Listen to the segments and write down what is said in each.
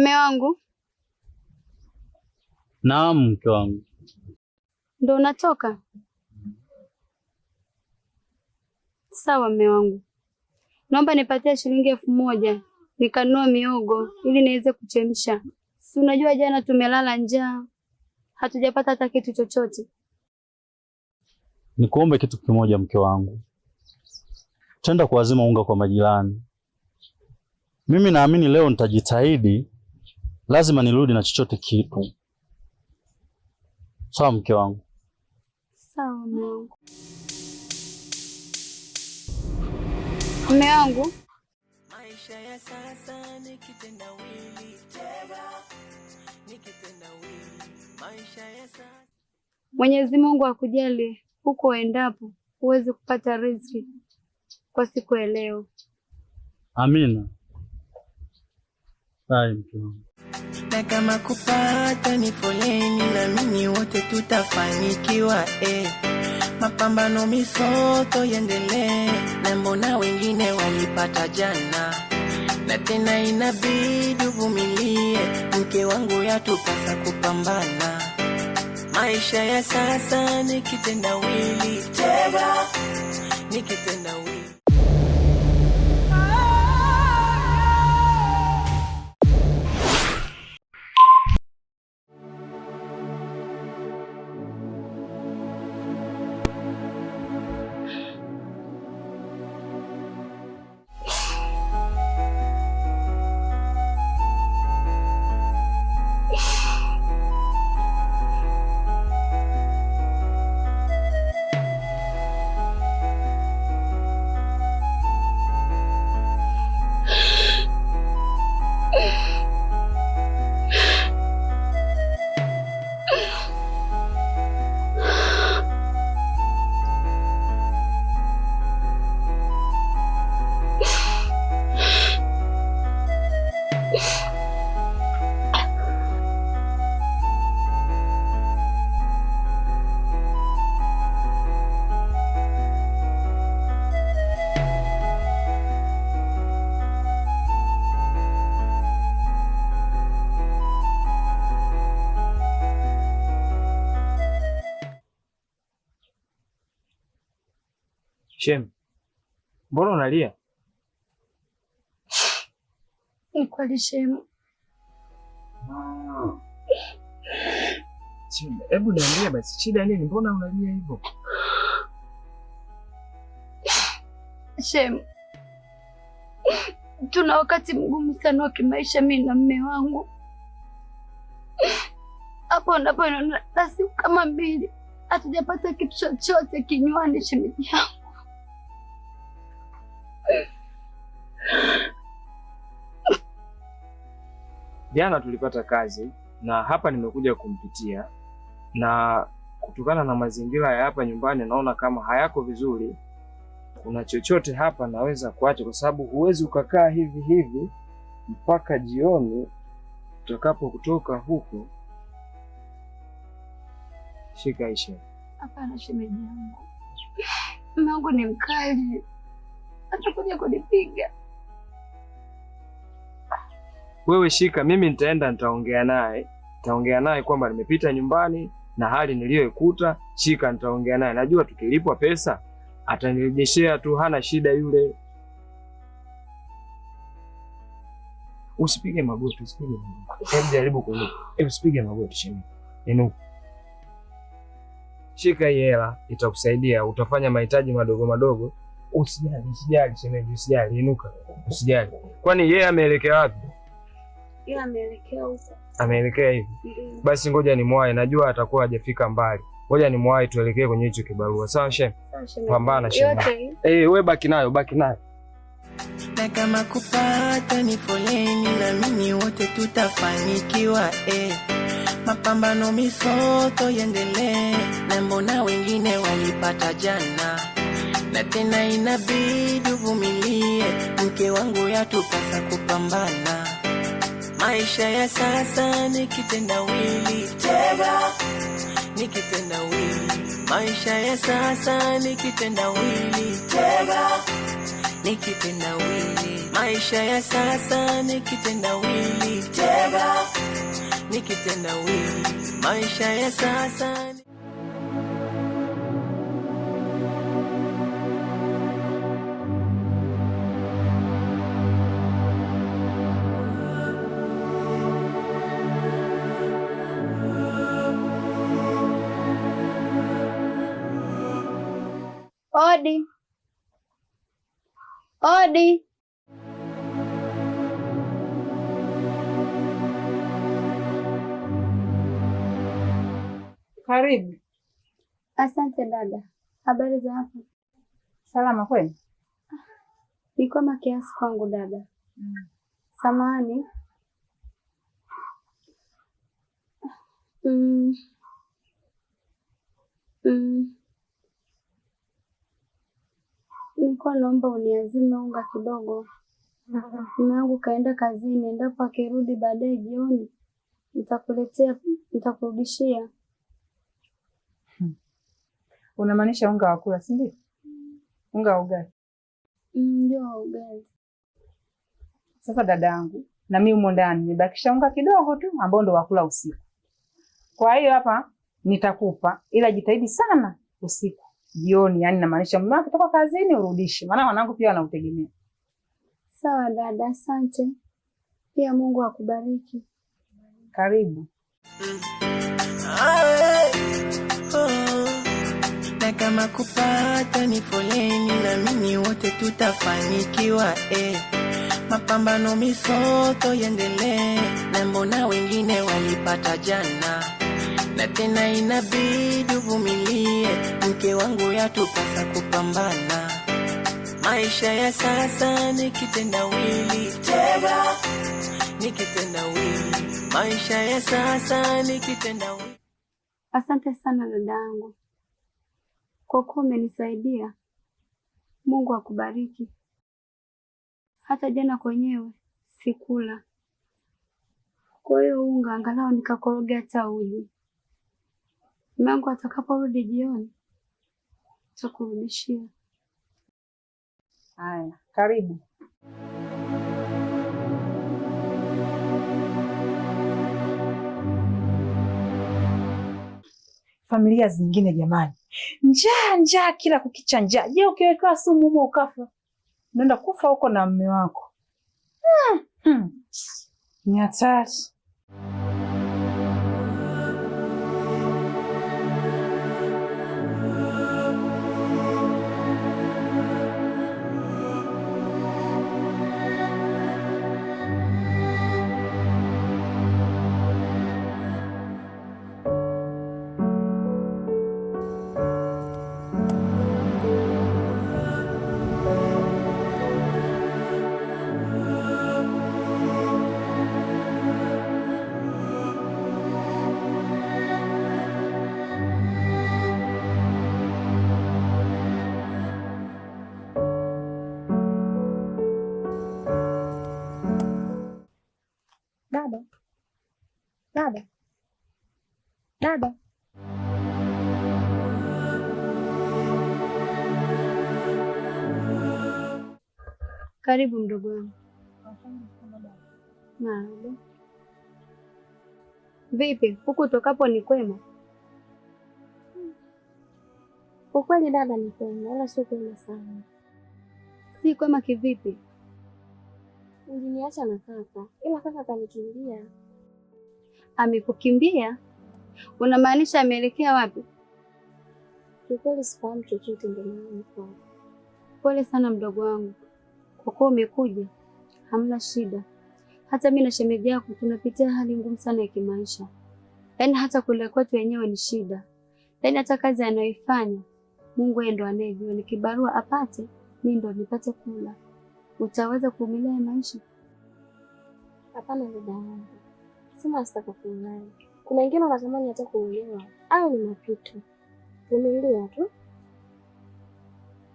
Mme wangu. Naam, mke wangu. Ndo unatoka? Sawa, mme wangu, naomba nipatie shilingi elfu moja nikanua miogo ili niweze kuchemsha. Si unajua jana tumelala njaa, hatujapata hata kitu chochote. Nikuombe kitu kimoja, mke wangu, tenda kuwazima unga kwa majirani. Mimi naamini leo nitajitahidi lazima nirudi na chochote kitu. Sawa mke wangu? Sawa wangu. Mume wangu, maisha ya sasa ni kitendawili tena, ni kitendawili. Maisha ya sasa. Mwenyezi Mungu akujali huko endapo uweze kupata riziki kwa siku ya leo. Amina. Hai mke wangu kama kupata ni foleni, na mimi wote tutafanikiwa eh. Mapambano misoto yendelee, na mbona wengine walipata jana, na tena inabidi uvumilie. Mke wangu yatupasa kupambana, maisha ya sasa ni kitendawili, tega ni kitendawili Shem, mbona unalia? Ni kweli Shemu. Hebu niambie basi, shida nini? Mbona unalia hivyo Shemu? Tuna wakati mgumu sana wa kimaisha, mimi na mme wangu. Hapo napo na siku kama mbili hatujapata kitu chochote kinywani, shemeji yangu. Jana tulipata kazi na hapa nimekuja kumpitia, na kutokana na mazingira ya hapa nyumbani naona kama hayako vizuri. Kuna chochote hapa naweza kuacha, kwa sababu huwezi ukakaa hivi hivi mpaka jioni utakapo kutoka huko. Shika hii Hapana shemeji yangu, mume ni mkali, atakuja kunipiga wewe shika, mimi nitaenda nitaongea naye, nitaongea naye kwamba nimepita nyumbani na hali niliyoikuta. Shika, nitaongea naye, najua tukilipwa pesa atanirejeshea tu, hana shida yule. Usipige magoti, usipige magoti. Hebu jaribu kuinuka. Hebu usipige magoti chini. Inuka. Shika hii hela itakusaidia, utafanya mahitaji madogo madogo. Usijali, usijali shemeji, usijali, inuka, usijali. Kwani yeye ameelekea wapi? ameelekea huko. Ameelekea hivi? Mm. Basi ngoja ni mwai najua atakuwa hajafika mbali. Ngoja ni mwai tuelekee kwenye hicho kibarua. Sawa Shem, pambana Shem. Eh, hey, wewe baki nayo, baki nayo na kama kupata ni foleni, na mimi wote tutafanikiwa. Eh, mapambano misoto yendelee, na mbona wengine walipata jana, na tena inabidi uvumilie. Mke wangu yatupasa kupambana Maisha ya sasa ni kitendawili tega, ni kitendawili. Maisha ya sasa ni kitendawili tega, ni kitendawili. Maisha ya sasa ni kitendawili tega, ni kitendawili. Maisha ya sasa Odi, odi. Karibu. Asante dada, habari za hapo? Salama kweli Ni makiasi kiasi kwangu dada. Mm. Samahani. Mm. Mm. Nilikuwa naomba uniazime unga kidogo. Mume wangu kaenda kazini, endapo akirudi baadaye jioni nitakuletea, nitakurudishia. Hmm. Unamaanisha unga wa kula, si ndio? Unga wa ugali? Mm, ndio, wa ugali. Sasa dada yangu, na mimi humo ndani nibakisha unga kidogo tu ambao ndo wakula usiku. Kwa hiyo hapa nitakupa, ila jitahidi sana usiku jioni, yani namaanisha mume wako kutoka kazini urudishe, maana wanangu pia wanautegemea. Sawa dada, asante. Pia Mungu akubariki. Karibu. Na kama kupata ni foleni, na mimi wote tutafanikiwa eh. Mapambano misoto yendelee, na mbona wengine walipata jana na tena inabidi uvumilie. Mke wangu, yatupasa kupambana. Maisha ya sasa ni wili tega ni wili Maisha ya sasa ni wili Asante sana dada yangu kwa kuwa umenisaidia. Mungu akubariki. Hata jana kwenyewe sikula, kwa hiyo unga angalau nikakoroga hata uji. Mume atakaporudi jioni takurudishia. Haya, karibu. Familia zingine jamani, njaa njaa, kila kukicha njaa. Je, ukiwekewa sumu humo ukafa, unaenda kufa huko na mume wako. hmm. hmm. ni hatari. Dada, dada, Nada. Karibu mdogo wangu. Vipi huku tokapo ni kwema? Ukweli dada, ni kwema, wala sio kwema sana. Si kwema kivipi? Uliniacha na kaka, ila kaka kanikimbia. Amekukimbia? Unamaanisha ameelekea wapi? Kiukweli sifahamu chochote, ndio maana Pole sana mdogo wangu, kwa kuwa umekuja hamna shida. Hata mimi na shemeji yako tunapitia hali ngumu sana ya kimaisha, yaani hata kula kwetu wenyewe ni shida, yaani hata kazi anayoifanya Mungu yeye ndo anayejua, ni kibarua apate, mimi ndo nipate kula utaweza kuvumilia maisha? Hapana dada wangu, sema sitakuvumilia. Kuna wengine wanatamani hata kuolewa, au ni mapito. Vumilia tu.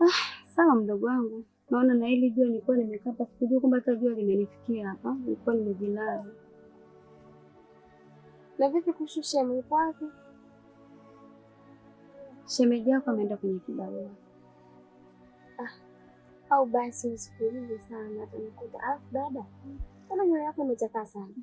Ah, sawa mdogo wangu, naona na hili jua nilikuwa nimekaa sikujua kwamba hata jua limenifikia hapa, nilikuwa nimejilaza. Na vipi kuhusu shemeji kwake Shemeji yako ameenda kwenye kibarua. Ah au basi usipulize sana, unakuta dada, ah, kana nywele yako imechakaa sana.